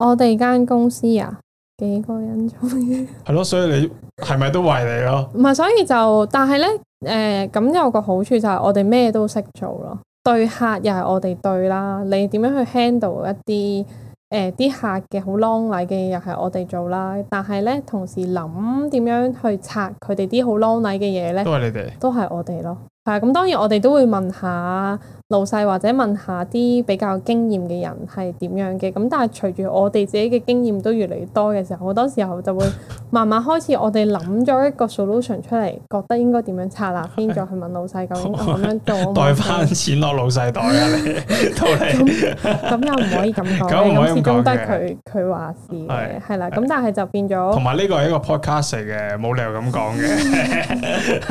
A: 我哋間公司啊，幾個人做嘢？
B: 係咯，所以你係咪都為你咯？
A: 唔係，所以就，但係咧，誒、呃、咁有個好處就係我哋咩都識做咯。對客又係我哋對啦。你點樣去 handle 一啲誒啲客嘅好 long 禮嘅，又係我哋做啦。但係咧，同時諗點樣去拆佢哋啲好 long 禮嘅嘢咧，都係你哋，都係我哋咯。係咁、嗯、當然我哋都會問下老細或者問下啲比較經驗嘅人係點樣嘅，咁但係隨住我哋自己嘅經驗都越嚟越多嘅時候，好多時候就會慢慢開始我哋諗咗一個 solution 出嚟，覺得應該點樣拆立邊，再去問老細究竟咁樣做，袋翻
B: [LAUGHS] 錢落老細袋啊！
A: 咁又唔可以咁講，始終都係佢佢話事嘅，係啦的。咁、嗯嗯、但係就變咗，同
B: 埋呢個係一個 podcast 嚟嘅，冇理由咁講嘅。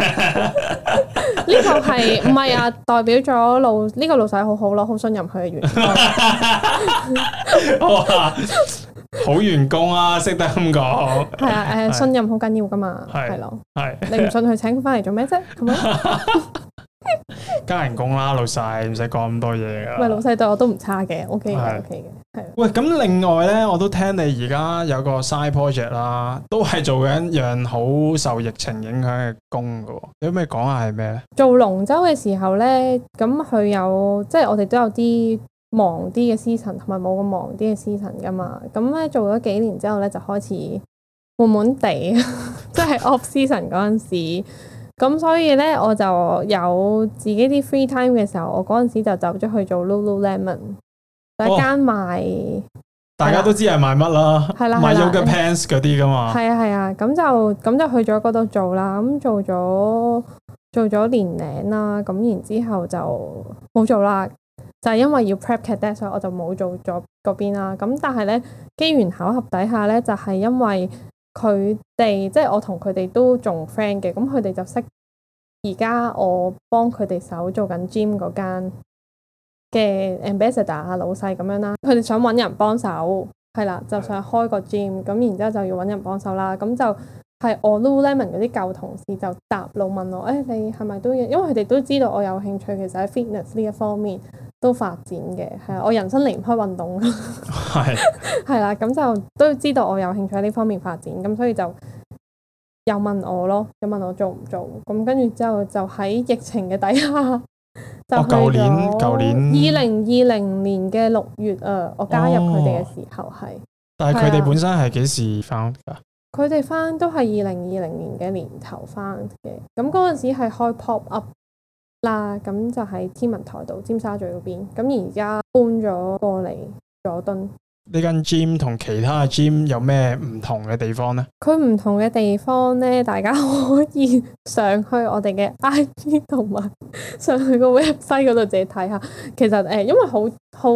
B: 呢
A: 就係唔係啊？代表咗老呢個老細好好咯，好信任佢嘅員
B: 工，哇！好員工啊，識得咁講。係
A: [LAUGHS] 啊，誒，信任好緊要噶嘛。係咯，係，
B: 你唔信
A: 佢，請佢翻嚟做咩啫？咁啊，
B: 加人工啦，老細唔使講咁多嘢噶、啊。 [LAUGHS] 喂，
A: 老細對我都唔差嘅，OK 嘅是，OK
B: 嘅。喂，咁另外咧，我都聽你而家有個 side project 啦，都係做緊一樣好受疫情影響嘅工噶，有冇講下係咩咧？
A: 做龍舟嘅時候咧，咁佢有即係我哋都有啲忙啲嘅 season，同埋冇咁忙啲嘅 season 噶嘛。咁咧做咗幾年之後咧，就開始悶悶地，即 [LAUGHS] 係 off season 嗰陣時。咁所以咧，我就有自己啲 free time 嘅時候，我嗰陣時就走咗去做 Lululemon。一間賣、哦，大家都知
B: 係賣乜啦，係啦了，賣 Yoga Pants 嗰啲噶嘛。係
A: 啊係啊，咁就咁就去咗嗰度做啦。咁做咗做咗年零啦，咁然後之後就冇做啦。就係、是、因為要 Prep Cadet，所以我就冇做咗嗰邊啦。咁但係咧，機緣巧合底下咧，就係、是、因為佢哋，即、就、係、是、我同佢哋都仲 friend 嘅，咁佢哋就識而家我幫佢哋手做緊 Gym 嗰間。嘅 ambassador 啊，老細咁樣啦，佢哋想揾人幫手，係啦，就想開個 gym，咁然之後就要揾人幫手啦，咁就係我 lululemon 嗰啲舊同事就搭路問我，誒、哎，你係咪都因為佢哋都知道我有興趣，其實喺 fitness 呢一方面都發展嘅，係我人生離唔開運動，係係啦，咁就都知道我有興趣喺呢方面發展，咁所以就又問我咯，又問我做唔做，咁跟住之後就喺疫情嘅底下。我舊年舊年二零二零年嘅六月啊，哦、我加入佢哋嘅時候係，但係佢哋本身係
B: 幾時翻啊？
A: 佢哋翻都係二零二零年嘅年頭翻嘅，咁嗰陣時係開 pop up 啦，咁就喺天文台度尖沙咀嗰邊，咁而家搬咗過嚟佐敦。
B: 呢間 gym 同其他 gym 有咩唔同嘅地方呢？
A: 佢唔同嘅地方咧，大家可以上去我哋嘅 IG 同埋上去個 website 嗰度自己睇下。其實誒，因為好好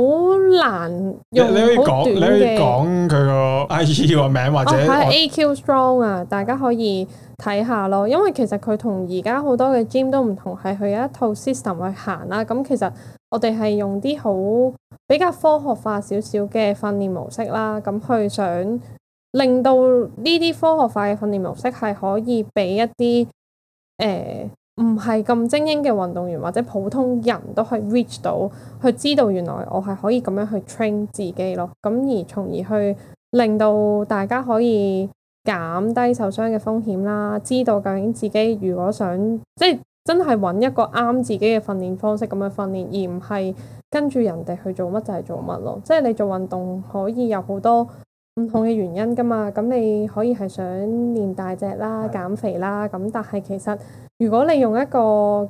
A: 難用，你可以講，你可以講
B: 佢個 IG 個名或者哦、啊，
A: 係我、啊、A Q Strong 啊，大家可以。睇下咯，因為其實佢同而家好多嘅 gym 都唔同，係佢有一套 system 去行啦。咁、嗯、其實我哋係用啲好比較科學化少少嘅訓練模式啦。咁、嗯、去想令到呢啲科學化嘅訓練模式係可以俾一啲誒唔係咁精英嘅運動員或者普通人都去 reach 到，去知道原來我係可以咁樣去 train 自己咯。咁、嗯、而從而去令到大家可以。減低受傷嘅風險啦，知道究竟自己如果想即係真係揾一個啱自己嘅訓練方式咁樣訓練，而唔係跟住人哋去做乜就係做乜咯。即係你做運動可以有好多唔同嘅原因㗎嘛。咁你可以係想練大隻啦、減肥啦。咁但係其實如果你用一個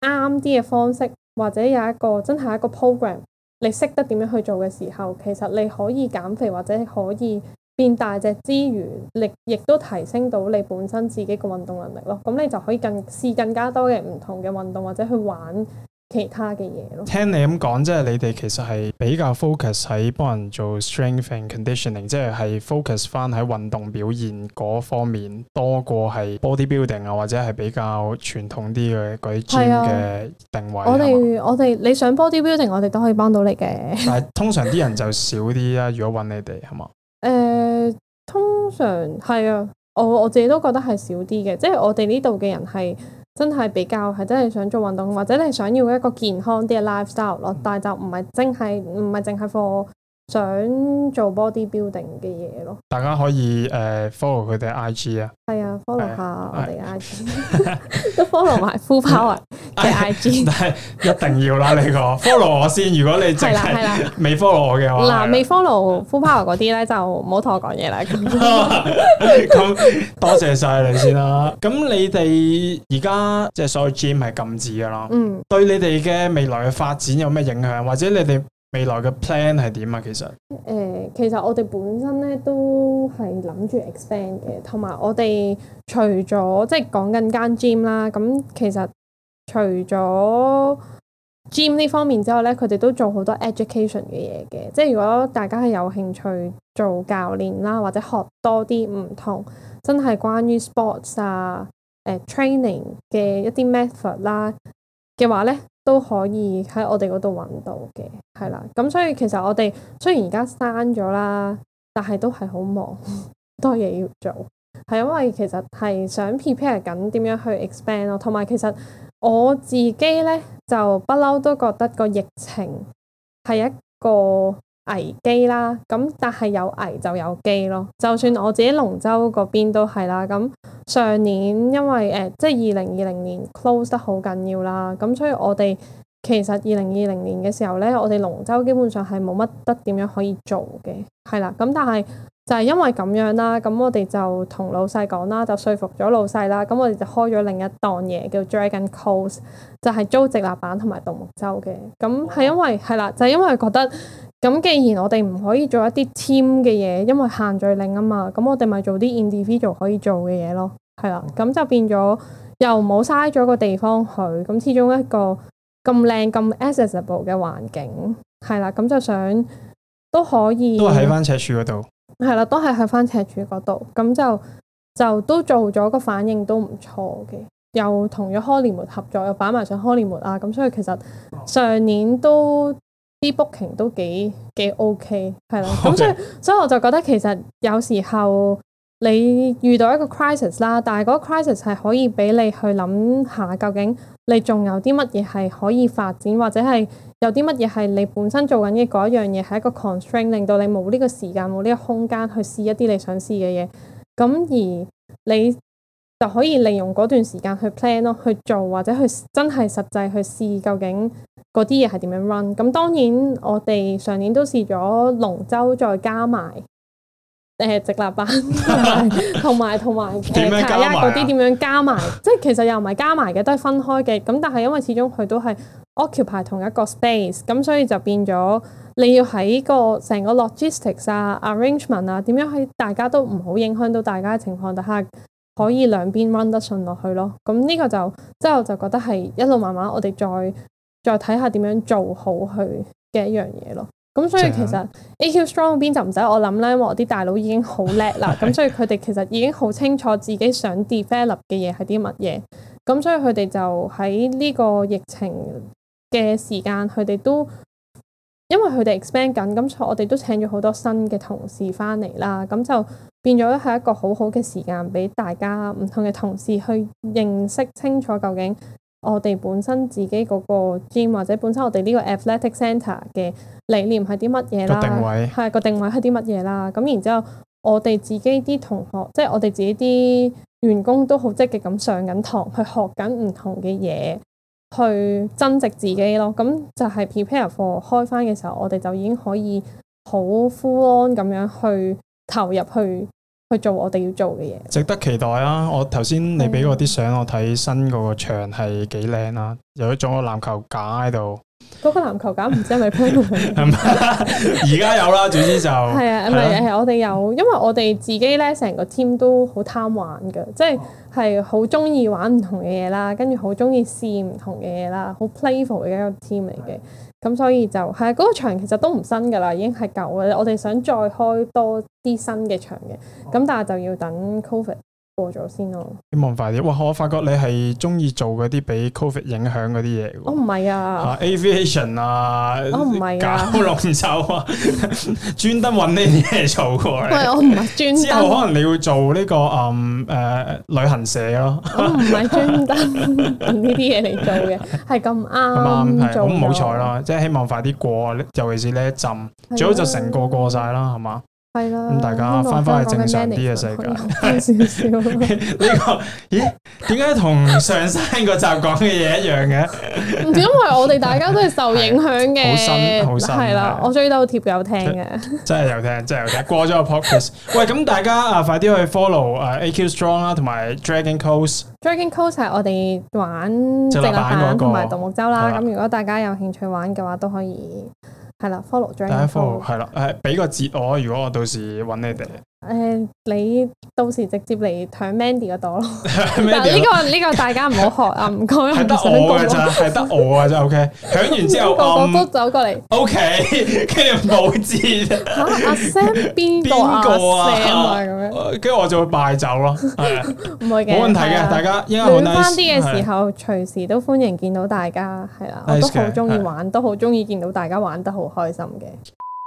A: 啱啲嘅方式，或者有一個真係一個 program，你識得點樣去做嘅時候，其實你可以減肥或者可以。變大隻之餘，力亦都提升到你本身自己嘅運動能力咯。咁、嗯、你就可以更試更加多嘅唔同嘅運動，或者去玩其他嘅嘢咯。聽
B: 你咁講，即係你哋其實係比較 focus 喺幫人做 strength and conditioning，即係係 focus 翻喺運動表現嗰方面多過係 body building 啊，或者係比較傳統啲嘅嗰啲 gym 嘅定位。啊、吧我哋
A: 我哋你想 body building，我哋都可以幫到你嘅。但係
B: 通常啲人就少啲啦。 [LAUGHS] 如果揾你哋，係嘛？
A: 通常係啊，我我自己都覺得係少啲嘅，即係我哋呢度嘅人係真係比較，係真係想做運動，或者你係想要一個健康啲嘅 lifestyle 咯，嗯、但係就唔係淨係，唔係淨係 for 想做 body building 嘅嘢咯。
B: 大家可以誒、呃、follow 佢哋 IG 啊，
A: 係啊，follow 下我哋嘅 IG，都 follow 埋 full power。
B: 的 [LAUGHS] 但係一定要啦。呢個 follow 我先。如果你淨係未 follow 我嘅話，嗱 [LAUGHS] 了，未
A: follow full power 嗰啲咧，就唔好同我講嘢啦。咁
B: 多謝晒你先啦。咁你哋而家即係所有 gym 係禁止噶啦。嗯，對你哋嘅未來嘅發展有咩影響，或者你哋未來嘅 plan 係點啊？其實誒，
A: 其實我哋本身咧都係諗住 expand 嘅，同埋我哋除咗即係講緊間 gym 啦，咁、就是、其實。除咗 gym 呢方面之外呢，佢哋都做好多 education 嘅嘢嘅。即係如果大家係有興趣做教練啦，或者學多啲唔同真係關於 sports 啊、呃、training 嘅一啲 method 啦嘅話呢，都可以喺我哋嗰度揾到嘅係啦。咁所以其實我哋雖然而家刪咗啦，但係都係好忙，多嘢要做係，因為其實係想 prepare 緊點樣去 expand 咯，同埋其實。我自己呢，就不嬲都覺得個疫情係一個危機啦，咁但係有危就有機咯。就算我自己龍舟嗰邊都係啦，咁上年因為誒、呃、即係二零二零年 close 得好緊要啦，咁所以我哋其實二零二零年嘅時候呢，我哋龍舟基本上係冇乜得點樣可以做嘅，係啦，咁但係。就係因為咁樣啦，咁我哋就同老細講啦，就說服咗老細啦，咁我哋就開咗另一檔嘢叫 Dragon Coast，就係租直立，立板同埋獨木舟嘅。咁係因為係啦、哦，就係、係、因為覺得咁既然我哋唔可以做一啲 team 嘅嘢，因為限聚令啊嘛，咁我哋咪做啲 individual 可以做嘅嘢咯，係啦，咁就變咗又冇嘥咗個地方去，咁始終一個咁靚咁 accessible 嘅環境，係啦，咁就想都可以都係喺番赤柱嗰度。係啦，都係去翻赤柱嗰度，咁就就都做咗個反應，都唔錯嘅。又同咗開聯門合作，又擺埋上開聯門啊，咁所以其實上年都啲 booking 都幾幾 OK，係啦。咁所以 Okay. 所以我就覺得其實有時候。你遇到一個 crisis 啦，但係嗰個 crisis 係可以俾你去諗下，究竟你仲有啲乜嘢係可以發展，或者係有啲乜嘢係你本身做緊嘅嗰一樣嘢係一個 constraint，令到你冇呢個時間冇呢個空間去試一啲你想試嘅嘢。咁而你就可以利用嗰段時間去 plan 咯，去做或者去真係實際去試究竟嗰啲嘢係點樣 run。咁當然我哋上年都試咗龍舟，再加埋。誒、呃，直立班，同埋同埋茶啊，嗰啲點樣加埋？即係 [LAUGHS] 其實又唔係加埋嘅，都係分開嘅。咁但係因為始終佢都係 occupy 同一個 space，咁所以就變咗你要喺個成個 logistics 啊，arrangement 啊，點樣喺大家都唔好影響到大家嘅情況底下，可以兩邊 run 得順落去咯。咁呢個就之後就，就覺得係一路慢慢我，我哋再再睇下點樣做好佢嘅一樣嘢咯。咁、嗯、所以其實 A Q Strong 邊就唔使我諗啦，因為我啲大佬已經好叻啦。咁、 [LAUGHS] 嗯、所以佢哋其實已經好清楚自己想 develop 嘅嘢係啲乜嘢。咁、嗯、所以佢哋就喺呢個疫情嘅時間，佢哋都因為佢哋 expand 緊，咁所以我哋都請咗好多新嘅同事翻嚟啦。咁、嗯、就變咗係一個好好嘅時間，俾大家唔同嘅同事去認識清楚究竟。我哋本身自己嗰個 gym 或者本身我哋呢個 athletic center 嘅理念係啲乜嘢啦？定位，係個定位係啲乜嘢啦？咁然之後我哋自己啲同學，即係我哋自己啲員工都好積極咁上緊堂，去學緊唔同嘅嘢，去增值自己咯。咁就係 prepare for 開翻嘅時候，我哋就已經可以好 full on 咁樣去投入去。去做我哋要做嘅嘢，
B: 值得期待啊！我頭先你俾我啲相我睇，新嗰個牆係幾靚啦，有一種個籃球架喺度。
A: 嗰 [LAUGHS] 個籃球架唔知係咪？
B: 而家 [LAUGHS] 有啦， [LAUGHS] 總之就係啊，係係
A: 我哋有，因為我哋自己咧成個 team 都好貪玩噶，即係係好中意玩唔同嘅嘢啦，跟住好中意試唔同嘅嘢啦，好 playful 嘅一個 team 嚟嘅。咁所以就係嗰、嗯，嗰個場其實都唔新㗎喇，已經係舊嘅。我哋想再開多啲新嘅場嘅，咁、哦、但係就要等 Covid。過咗先，
B: 先咯，希望快啲！哇，我發覺你係中意做嗰啲俾 Covid 影響嗰啲嘢。
A: 我唔係啊
B: ，Aviation 啊，我唔係啊，搞龍舟啊，專登搵呢啲嘢做嘅。我唔
A: 係專登。之後可能
B: 你會做呢、這個誒誒、嗯呃、旅行社咯。我唔係專
A: 登搵呢啲嘢嚟做嘅，係咁啱做過。好唔好彩
B: 咯？即係希望快啲過，尤其是呢一浸，啊、最好就成個過晒啦，係嘛？是
A: 係啦，咁大家翻翻去正常啲嘅世界，
B: 少少呢個？咦，點解同上山個集講嘅嘢一樣嘅？唔知因
A: 為我哋大家都係受影響嘅，好深，好深，係啦，我追到貼有聽嘅，
B: 真係有聽，真係有聽，過咗個 post。喂，咁大家啊，快啲去 follow 啊，A Q Strong 啦，同埋 Dragon Coast，Dragon
A: Coast 係我哋玩正版同埋獨木舟啦。咁如果大家有興趣玩嘅話，都可以。係啦，follow
B: 張 follow，係啦，誒，俾個字我，如果我到時揾你哋。
A: 誒，你到時直接嚟響 Mandy 嗰度咯。嗱，呢個呢個大家唔好學啊，唔該。係得我
B: 啊，就係 OK。響完之後，我都
A: 走過嚟。OK，
B: 跟住可能阿 Sam 邊邊個啊？咁樣，跟住我就會敗走咯。
A: 唔會嘅，冇問題嘅，大家應該暖翻啲嘅時候，隨時都歡迎見到大家。係啦，我都好中意玩，都好中意見到大家玩得好開心嘅。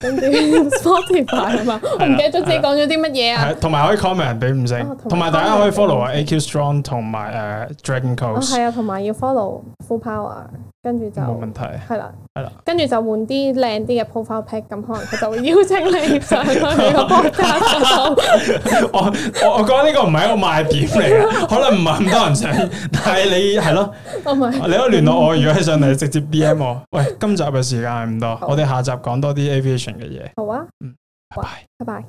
A: 點 Spotify 啊嘛，我唔記得咗自己講咗啲乜嘢啊。係，
B: 同埋可以 comment 俾吳生，同埋大家可以 follow 阿 A Q Strong 同埋誒 Dragon Code，係啊，
A: 同埋要 follow Full Power，跟住就冇問題，係啦，係啦，跟住就換啲靚啲嘅 profile pack，咁可能佢就會邀請你上。
B: 我我我覺得呢個唔係一個賣點嚟嘅，可能唔係咁多人上，但係你係咯，
A: 你可以聯絡我，如果上
B: 嚟直接 B M 我。喂，今集嘅時間唔多，我哋下集講多啲 A V H。
A: 好啊，嗯，拜拜，拜拜。